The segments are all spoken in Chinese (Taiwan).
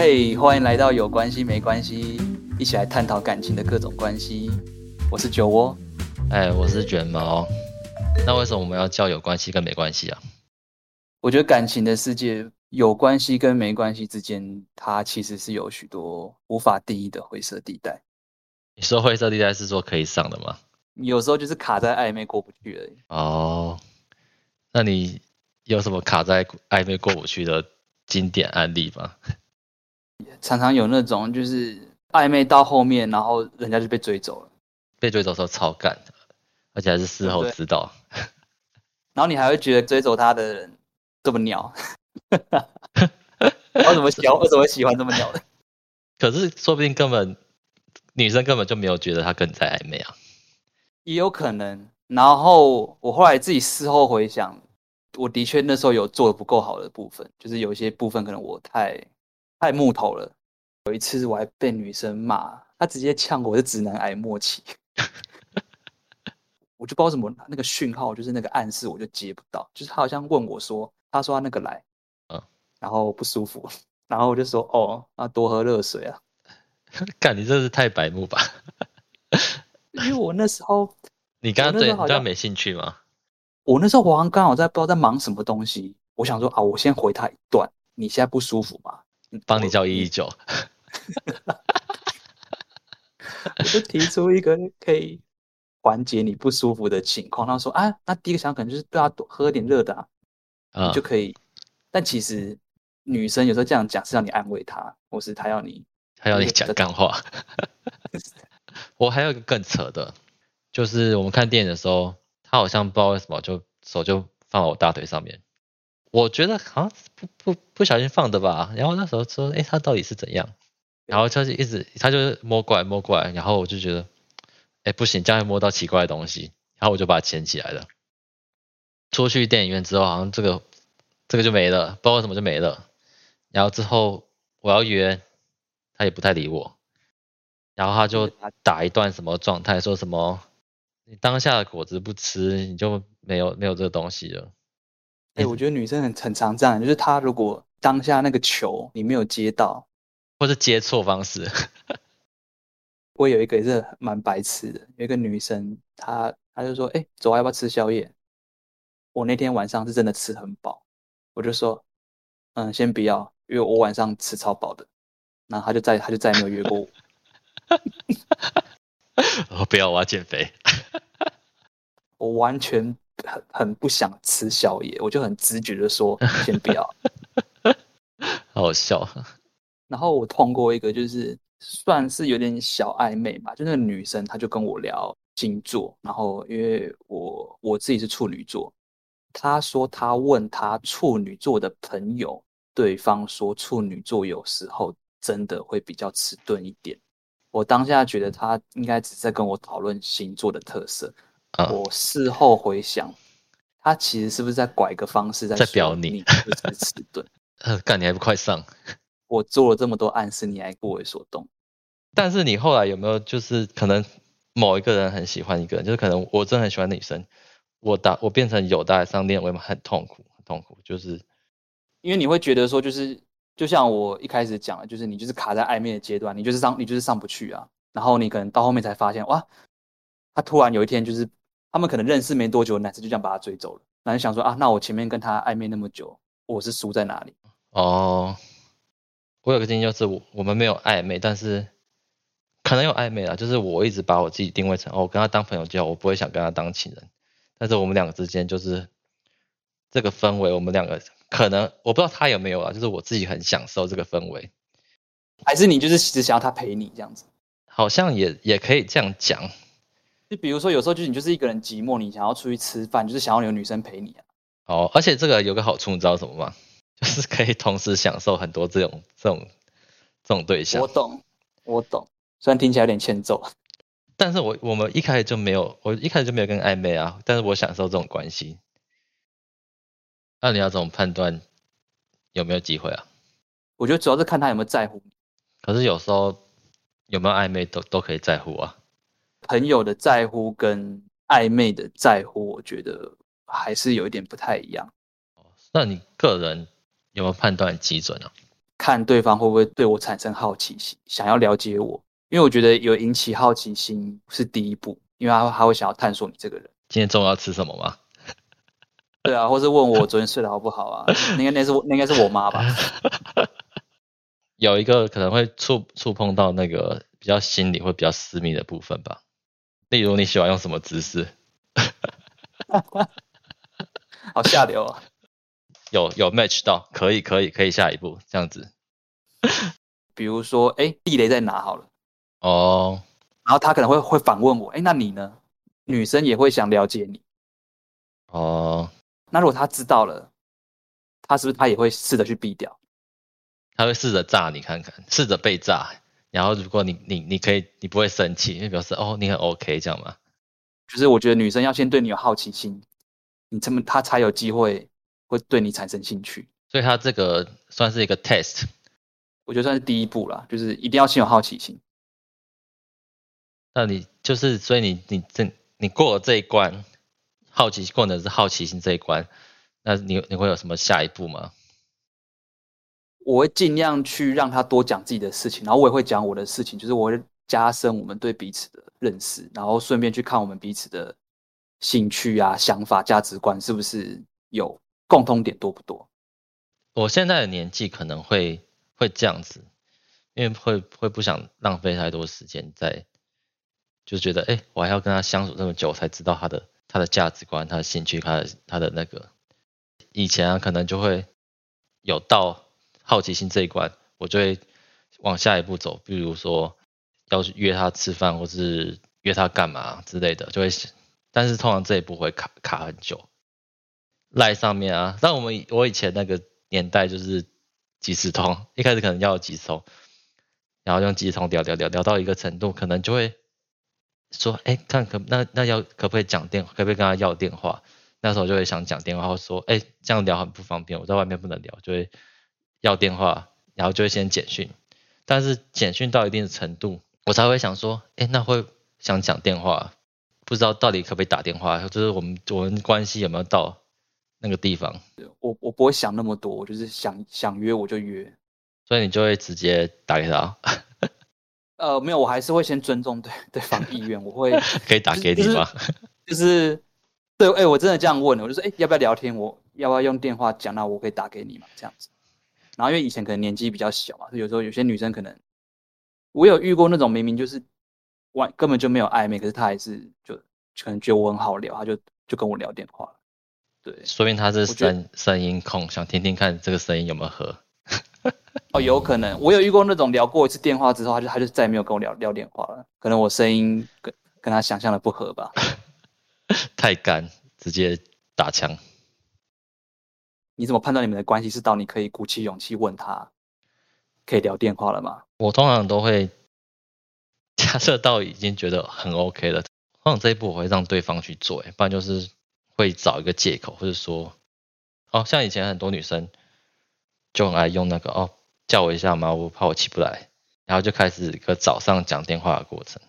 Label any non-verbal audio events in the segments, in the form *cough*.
嘿，hey，歡迎來到有關係沒關係，一起來探討感情的各種關係。我是酒窩，哎，我是捲毛。那為什麼我們要叫有關係跟沒關係啊？我覺得感情的世界有關係跟沒關係之間，它其實是有許多無法定義的灰色地帶。你說灰色地帶是說可以上的嗎？有時候就是卡在曖昧過不去而已。哦，那你有什麼卡在曖昧過不去的經典案例嗎？常常有那種就是曖昧到後面，然後人家就被追走了。被追走的時候超乾的，而且還是事後知道。然後你還會覺得追走他的人這麼鳥， *laughs* *laughs* 然後怎麼喜我 *laughs* 怎麼會喜歡這麼鳥的？可是說不定根本女生根本就沒有覺得他跟你在曖昧啊。也有可能。然後我後來自己事後回想，我的確那時候有做得不夠好的部分，就是有一些部分可能我太。太木頭了，有一次我還被女生罵，她直接嗆我：“是直男癌末期。” *laughs* 我就不知道怎麼那個訊號，就是那個暗示，我就接不到。就是她好像問我說：“她說她那個來，哦、然後不舒服，然後我就說：‘哦，那多喝熱水啊。 *laughs* ’感覺真是太白目吧？ *laughs* 因為我那時候，你剛剛對那段沒興趣嗎？我那時候好像剛好在不知道在忙什麼東西，我想說啊，我先回她一段。你現在不舒服嗎？幫你叫一一九，就提出一個可以緩解你不舒服的情況，然後說啊，那第一個想法可能就是對他多喝點熱的啊，啊、嗯、就可以。但其實女生有時候這樣講是讓你安慰她，或是她要你，她要你講幹話。 *laughs* 我還有一個更扯的，就是我們看電影的時候，她好像不知道為什麼就，就手就放到我大腿上面。我覺得好像不不不小心放的吧，然後那時候說，誒、欸，他到底是怎樣？然後他就一直，他就摸過來摸過來，然後我就覺得，誒、欸，不行，這樣會摸到奇怪的東西，然後我就把它撿起來了。出去電影院之後，好像這個這個就沒了，不知道為什麼就沒了。然後之後我要約，他也不太理我，然後他就打一段什麼狀態，說什麼你當下的果子不吃，你就沒有沒有這個東西了。哎、欸，我覺得女生很很常這樣，就是她如果當下那個球你沒有接到，或是接錯方式， *laughs* 我有一個也是蠻白痴的，有一個女生，她她就說：“哎、欸，走、啊，要不要吃宵夜？”我那天晚上是真的吃很飽，我就說：“嗯，先不要，因為我晚上吃超飽的。”然後她就再她就再也沒有約過我。 *laughs* 我不要，我要減肥。 *laughs* 我完全。很很不想吃宵夜，我就很直覺的說，先不要。 *laughs* 好好笑。然後我通過一個就是算是有點小曖昧嘛，就那個女生，她就跟我聊星座。然後因為我我自己是處女座，她說她問她處女座的朋友，對方說處女座有時候真的會比較遲鈍一點。我當下覺得她應該只是在跟我討論星座的特色。Uh, 我事後回想，他其實是不是在拐一個方式在，你在表你遲鈍？呵， *laughs* 幹、 *laughs* 呃、你還不快上！ *laughs* 我做了這麼多暗示，你還不為所動？但是你後來有沒有就是可能某一個人很喜歡一個人，就是可能我真的很喜歡女生，我打我變成友達商店，我也很痛苦，很痛苦，就是因為你會覺得說，就是就像我一開始講的，就是你就是卡在曖昧的階段，你就是上你就是上不去啊，然後你可能到後面才發現，哇，他突然有一天就是。他們可能認識沒多久，男生就這樣把她追走了。男生想說啊，那我前面跟他曖昧那麼久，我是輸在哪裡？哦，我有個經驗就是，我我們沒有曖昧，但是可能有曖昧啦。就是我一直把我自己定位成，我、哦、跟他當朋友就好，我不會想跟他當情人。但是我們兩個之間就是這個氛圍，我們兩個可能我不知道他有沒有啊，就是我自己很享受這個氛圍。還是你就是只想要他陪你這樣子？好像也也可以這樣講。就比如說，有時候就你就是一個人寂寞，你想要出去吃飯，就是想要有女生陪你啊。哦，而且這個有個好處，你知道什麼嗎？就是可以同時享受很多這種這種這種對象。我懂，我懂。雖然聽起來有點欠揍，但是我我們一開始就沒有，我一開始就沒有跟曖昧啊。但是我享受這種關係。那你要怎麼判斷有沒有機會啊？我覺得主要是看他有沒有在乎你。可是有時候有沒有曖昧都都可以在乎啊。朋友的在乎跟曖昧的在乎，我覺得還是有一點不太一樣。哦，那你個人有沒有判斷基準呢？看對方會不會對我產生好奇心，想要了解我。因為我覺得有引起好奇心是第一步，因為他他會想要探索你這個人。今天中午要吃什麼嗎？對啊，或是問我昨天睡得好不好啊？那那是那應該是我媽吧。有一個可能會觸觸碰到那個比較心理會比較私密的部分吧。例如你喜歡用什麼姿勢？ *laughs* *laughs* 好下流啊、哦！有有 match 到，可以可以可以下一步這樣子。比如說，哎、欸，地雷在哪？好了，哦。Oh, 然後他可能會會反問我，誒、欸、那你呢？女生也會想了解你。哦，oh, 那如果他知道了，他是不是他也會試着去避掉？他會試着炸你看看，試着被炸。然後，如果你你你可以，你不會生氣，你表示哦，你很 OK 這樣嗎？就是我覺得女生要先對你有好奇心，你這麼她才有機會會對你產生興趣。所以她這個算是一個 test，我覺得算是第一步啦，就是一定要先有好奇心。那你就是，所以你你這你過了這一關，好奇過的是好奇心這一關，那你你會有什麼下一步嗎？我會盡量去讓他多講自己的事情，然後我也會講我的事情，就是我會加深我們對彼此的認識，然後順便去看我們彼此的興趣啊、想法、價值觀是不是有共通點，多不多。我現在的年紀可能會會這樣子，因為會會不想浪費太多時間在，就覺得哎、欸，我還要跟他相處這麼久才知道他的他的價值觀、他的興趣、他的他的那個以前啊，可能就會有到。好奇心這一關，我就會往下一步走，譬如說要去約她吃飯，或是約她幹嘛之類的，就會。但是通常這一步會卡卡很久，賴上面啊。但我們我以前那個年代就是即時通，一開始可能要即時通，然後用即時通聊聊聊聊到一個程度，可能就會說，哎、欸，看可那那要可不可以講電話，可不可以跟她要電話？那時候就會想講電話，或說，哎、欸，這樣聊很不方便，我在外面不能聊，就會。要電話，然後就會先簡訊，但是簡訊到一定的程度，我才會想說，哎、欸，那會想講電話，不知道到底可不可以打電話，就是我們我們關係有沒有到那個地方。我我不會想那麼多，我就是想想約我就約，所以你就會直接打給他？哦。 *laughs* 呃，沒有，我還是會先尊重對對方意願，我會 *laughs* 可以打給你嗎？就是、就是、對，哎，我真的這樣問，我就說，哎、欸，要不要聊天？我要不要用電話講？那我可以打給你嗎？這樣子。然後因為以前可能年紀比較小嘛，所以有時候有些女生可能，我有遇過那種明明就是，完根本就沒有曖昧，可是她還是就，就可能覺得我很好聊，她就就跟我聊電話了。對，說明她是聲聲音控，想聽聽看這個聲音有沒有合。哦， *laughs* 有可能，我有遇過那種聊過一次電話之後，她就她就再也沒有跟我聊聊電話了。可能我聲音跟跟她想象的不合吧， *laughs* 太乾，直接打槍。你怎麼判斷你們的關係是到你可以鼓起勇氣問他，可以聊電話了嗎？我通常都會假設到已經覺得很 OK 了，通常這一步我會讓對方去做。欸，不然就是會找一個借口，或者說，哦，像以前很多女生就很愛用那個哦，叫我一下嘛，我怕我起不來，然後就開始一個早上講電話的過程，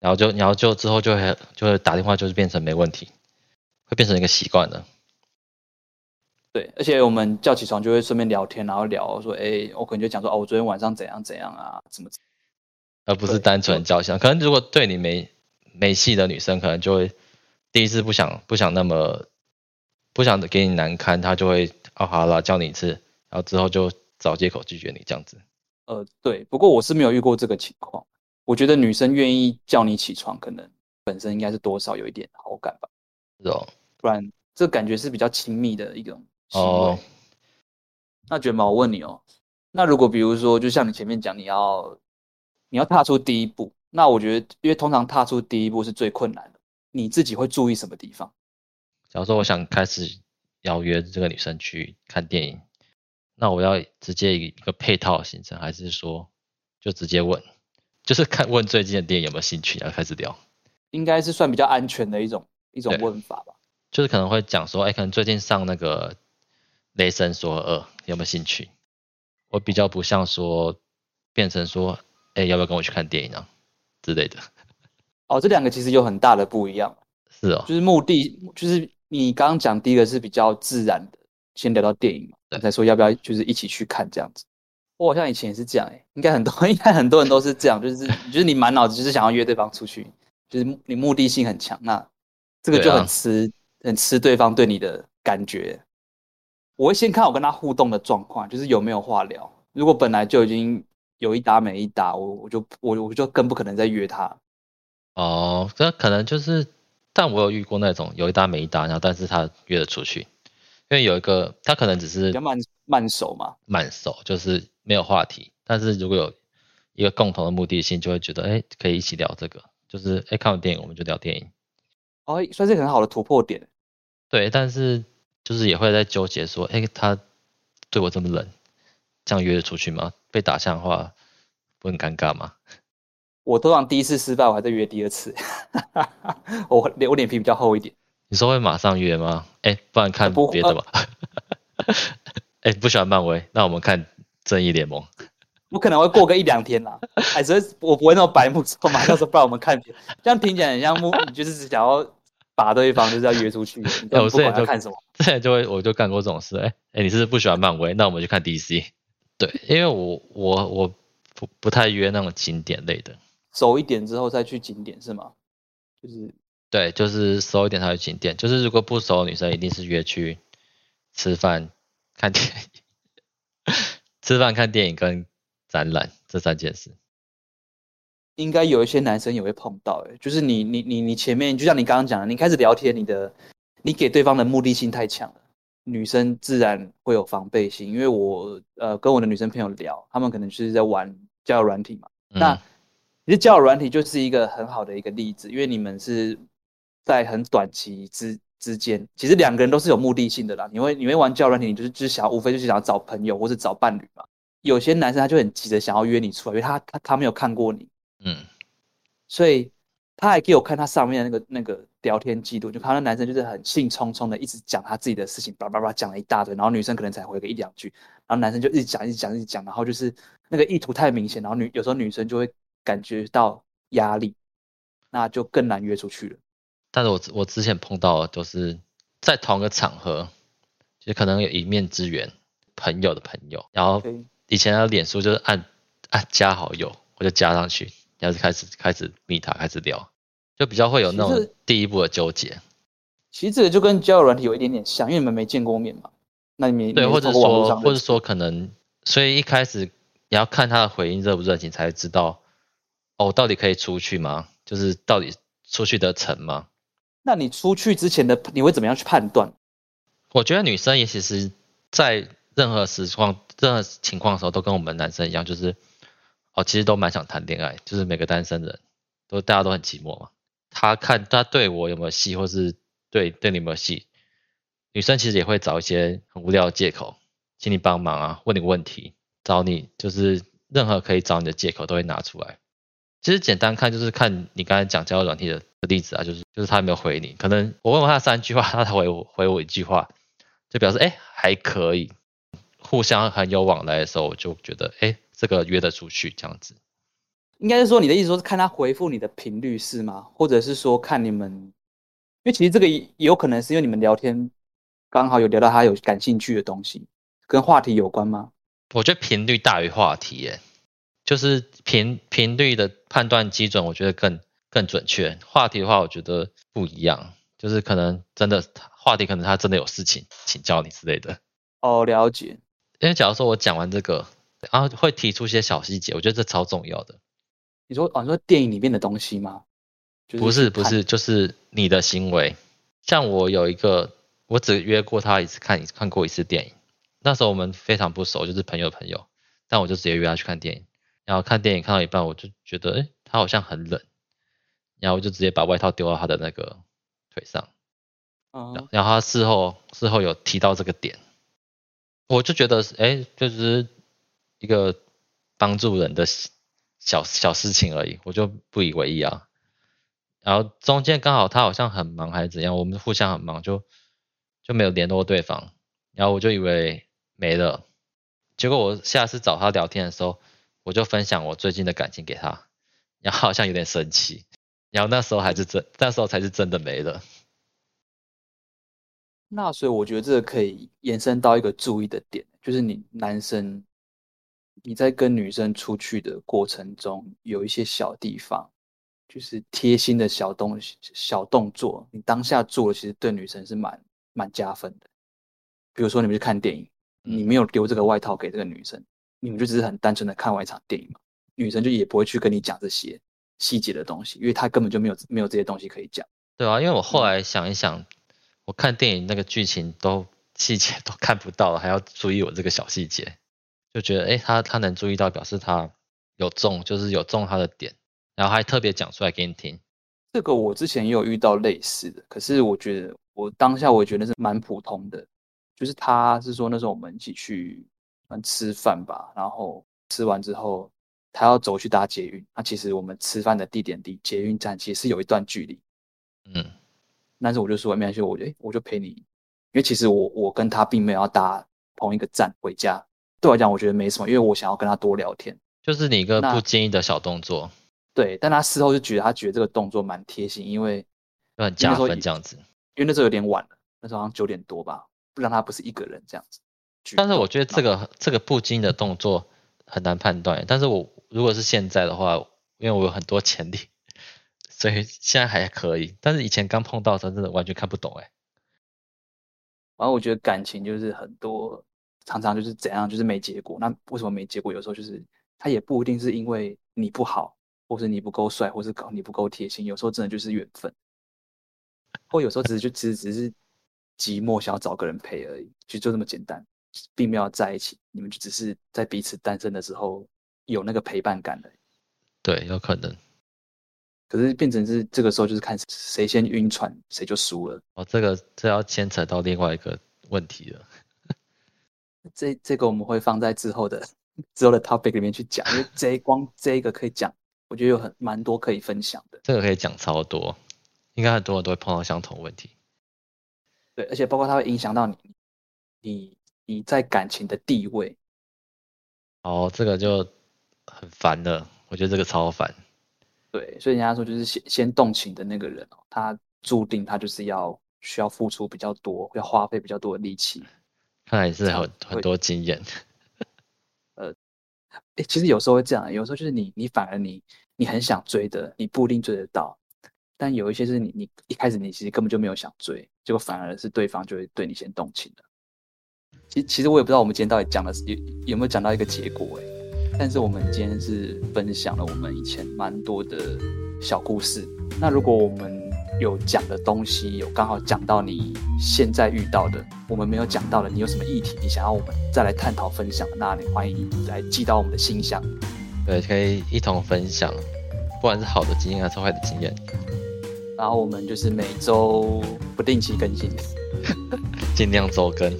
然後就然後就之後就會就會打電話，就是變成沒問題，會變成一個習慣了。對，而且我們叫起床就會順便聊天，然後聊說，哎，我可能就講說，哦，我昨天晚上怎樣怎樣啊，什麼怎麼，而不是單純叫醒。對可能如果對你沒沒戲的女生，可能就會第一次不想不想那麼不想給你難堪，她就會哦好啦，叫你一次，然後之後就找借口拒絕你這樣子。呃，對，不過我是沒有遇過這個情況。我覺得女生願意叫你起床，可能本身應該是多少有一點好感吧。是哦，不然這感覺是比較親密的一種。哦，oh, 那卷毛，我問你哦、喔，那如果比如說，就像你前面講，你要你要踏出第一步，那我覺得，因為通常踏出第一步是最困難的，你自己會注意什麼地方？假如說我想開始邀約這個女生去看電影，那我要直接一個配套的行程，還是說就直接問，就是看問最近的電影有沒有興趣，要開始聊？應該是算比較安全的一種一種問法吧？就是可能會講說，哎、欸，可能最近上那個。雷神說：“二、呃、有沒有興趣？我比較不像說變成說，哎、欸，要不要跟我去看電影啊之類的？哦，這兩個其實有很大的不一樣。是哦，就是目的，就是你剛剛講第一個是比較自然的，先聊到電影嘛，再對說要不要就是一起去看這樣子。我好像以前也是這樣、欸，哎，應該很多，應該很多人都是這樣， *laughs* 就是就是你滿腦子就是想要約對方出去，就是你目的性很強，那這個就很吃、啊、很吃對方對你的感覺。”我會先看我跟他互動的狀況，就是有沒有話聊。如果本來就已經有一搭沒一搭，我我就我我就更不可能再約他。哦、呃，那可能就是，但我有遇過那種有一搭沒一搭，然後但是他約得出去，因為有一個他可能只是比較慢慢熟嘛，慢熟，慢熟就是沒有話題，但是如果有一個共同的目的性，就會覺得哎、欸、可以一起聊這個，就是哎、欸、看了電影我們就聊電影。哦、呃，算是很好的突破點。對，但是。就是也會在糾結說，哎、欸，他對我這麼冷，這樣約得出去嗎？被打槍的話，不很尷尬嗎？我通常第一次失敗，我還在約第二次。 *laughs* 我我臉皮比較厚一點。你說會馬上約嗎？哎、欸，不然看別的吧。哎、啊 *laughs* 欸，不喜歡漫威，那我們看正義聯盟。不可能會過個一兩天啦，哎， *laughs* 所以我不會那麼白目說嘛。到時候不然我們看， *laughs* 這樣聽起來很像目就是只想要。把對方就是要約出去，哎，我就看什麼，現、 *laughs* 哦、就會我就幹過這種事，哎、欸，哎、欸，你是不是不喜歡漫威，那我們去看 DC，對，因為我我我不不太約那種景點類的，熟一點之後再去景點是嗎？就是對，就是熟一點才去景點，就是如果不熟的，女生一定是約去吃飯看電影， *laughs* 吃飯看電影跟展覽這三件事。應該有一些男生也會碰到、欸，哎，就是你你你你前面就像你剛剛講的，你開始聊天，你的你給對方的目的性太強了，女生自然會有防備心。因為我呃跟我的女生朋友聊，他們可能就是在玩交友軟體嘛，嗯、那其實交友軟體就是一個很好的一個例子，因為你們是在很短期之之間，其實兩個人都是有目的性的啦。因為你們玩交友軟體，你就是只、就是、想，無非就是想要找朋友或是找伴侶嘛。有些男生他就很急着想要約你出來，因為他他他沒有看過你。嗯，所以他還給我看他上面的那個那個聊天記錄，就看到男生就是很興沖沖的，一直講他自己的事情，叭叭叭講了一大堆，然後女生可能才回個一兩句，然後男生就一直講，一直講，一直講，然後就是那個意圖太明顯，然後女有時候女生就會感覺到壓力，那就更難約出去了。但是我我之前碰到都是在同一個場合，就可能有一面之緣，朋友的朋友，然後以前的臉書就是按按加好友，我就加上去。要是開始開始密他，開始聊，就比較會有那種第一步的糾結。其實，其實這個就跟交友軟體有一點點像，因為你們沒見過面嘛。那你們對，或者說或者說可能，所以一開始你要看他的回應熱不熱情，才知道哦，到底可以出去嗎？就是到底出去得成嗎？那你出去之前的你會怎麼樣去判斷？我覺得女生也其實在任何時況任何情況的時候都跟我們男生一樣，就是。哦，其實都蠻想談戀愛，就是每個單身人都大家都很寂寞嘛。他看他對我有沒有戲，或是對對你有沒有戲，女生其實也會找一些很無聊的借口，請你幫忙啊，問你問題，找你，就是任何可以找你的借口都會拿出來。其實簡單看就是看你剛才講交友軟體的例子啊，就是就是他有沒有回你？可能我問過他三句話，他才回我回我一句話，就表示誒、欸、還可以，互相很有往來的時候，我就覺得誒、欸這個約得出去這樣子，應該是說你的意思說是看他回覆你的頻率是嗎？或者是說看你們，因為其實這個也有可能是因為你們聊天剛好有聊到他有感興趣的東西，跟話題有關嗎？我覺得頻率大於話題耶、欸，就是頻頻率的判斷基準，我覺得更更準確。話題的話，我覺得不一樣，就是可能真的話題，可能他真的有事情請教你之類的。哦，了解。因為假如說我講完這個。然後會提出一些小細節，我覺得這超重要的。你說，你、哦、說電影裡面的東西嗎？就是、不是，不是，就是你的行為。像我有一個，我只約過他一次看，看看過一次電影。那時候我們非常不熟，就是朋友朋友，但我就直接約他去看電影。然後看電影看到一半，我就覺得，誒，他好像很冷。然後我就直接把外套丟到他的那個腿上。嗯、然後他事後事後有提到這個點，我就覺得，誒，就是。一個幫助人的小小事情而已，我就不以為意啊。然後中間剛好他好像很忙還是怎樣，我們互相很忙就，就就沒有聯絡對方。然後我就以為沒了，結果我下次找他聊天的時候，我就分享我最近的感情給他，然後好像有點生氣。然後那時候還是真，那時候才是真的沒了。那所以我覺得這個可以延伸到一個注意的點，就是你男生。你在跟女生出去的過程中，有一些小地方，就是貼心的小東西、小動作，你當下做的其實對女生是蠻蠻加分的。比如說你們去看電影，你沒有留這個外套給這個女生，你們就只是很單純的看完一場電影嘛，女生就也不會去跟你講這些細節的東西，因為她根本就沒有沒有這些東西可以講。對啊，因為我後來想一想，我看電影那個劇情都細節都看不到了，還要注意我這個小細節。就覺得，欸，他他能注意到，表示他有中，就是有中他的點，然後還特別講出來給你聽。這個我之前也有遇到類似的，可是我覺得我當下我覺得是蠻普通的，就是他是說那時候我們一起去吃飯吧，然後吃完之後他要走去搭捷運，那其實我們吃飯的地點離捷運站其實有一段距離，嗯，但是我就說沒關係，我，欸，我就陪你，因為其實我我跟他並沒有要搭同一個站回家。對我來講，我覺得沒什麼，因為我想要跟他多聊天。就是你一個不經意的小動作。對，但他事後就覺得他覺得這個動作蠻貼心，因為就很加分這樣子。因為那時候有點晚了，那時候好像九點多吧，不然他不是一個人這樣子。但是我覺得這個後這個不經意的動作很難判斷。但是我如果是現在的話，因為我有很多潛力，所以現在還可以。但是以前剛碰到他真的完全看不懂哎。然後我覺得感情就是很多。常常就是怎樣，就是沒結果。那為什麼沒結果？有時候就是他也不一定是因為你不好，或是你不夠帥，或是你不夠貼心。有時候真的就是緣分，或有時候只是就只是只是寂寞，想要找個人陪而已，就就這麼簡單，並沒有在一起。你們就只是在彼此單身的時候有那個陪伴感而已。對，有可能。可是變成是這個時候，就是看誰先暈船，誰就輸了。哦，這個這要牽扯到另外一個問題了。這這個我們會放在之後的之後的 topic 裡面去講，因為這光 *laughs* 這一個可以講，我覺得有很蠻多可以分享的。這個可以講超多，應該很多人都會碰到相同問題。對，而且包括它會影響到你，你你在感情的地位。哦，這個就很煩了，我覺得這個超煩。對，所以人家說就是先先動情的那個人哦，他注定他就是要需要付出比較多，要花費比較多的力氣。看來是很很多經驗，呃、欸，其實有時候會這樣，有時候就是你，你反而你，你很想追的，你不一定追得到。但有一些是你，你一開始你其實根本就沒有想追，結果反而是對方就會對你先動情了。其實，其實我也不知道我們今天到底講的是有有沒有講到一個結果哎、欸，但是我們今天是分享了我們以前蠻多的小故事。那如果我們有講的東西，有剛好講到你現在遇到的，我們沒有講到的，你有什麼議題，你想要我們再來探討分享，那你歡迎來寄到我們的信箱，對，可以一同分享，不管是好的經驗還是壞的經驗。然後我們就是每周不定期更新，儘 *laughs* 量周更，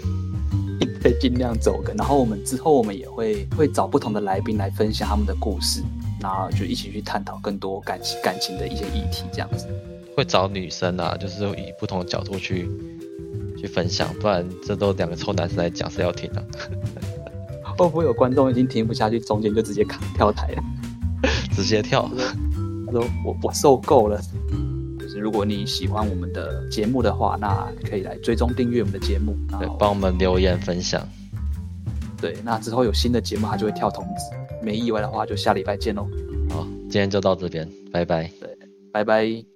*laughs* 對，儘量周更。然後我們之後我們也會會找不同的來賓來分享他們的故事，然後就一起去探討更多感情感情的一些議題，這樣子。會找女生啊，就是以不同的角度去去分享，不然這都兩個臭男生來講是要聽的啊。會， *laughs* 哦，不會有觀眾已經聽不下去，中間就直接跳台了？直接跳，他說，就是，我我受夠了。就是如果你喜歡我們的節目的話，那可以來追蹤訂閱我們的節目，對，後幫我們留言分享。對，那之後有新的節目，他就會跳通知。沒意外的話，就下禮拜見嘍。好，今天就到這邊，拜拜。對，拜拜。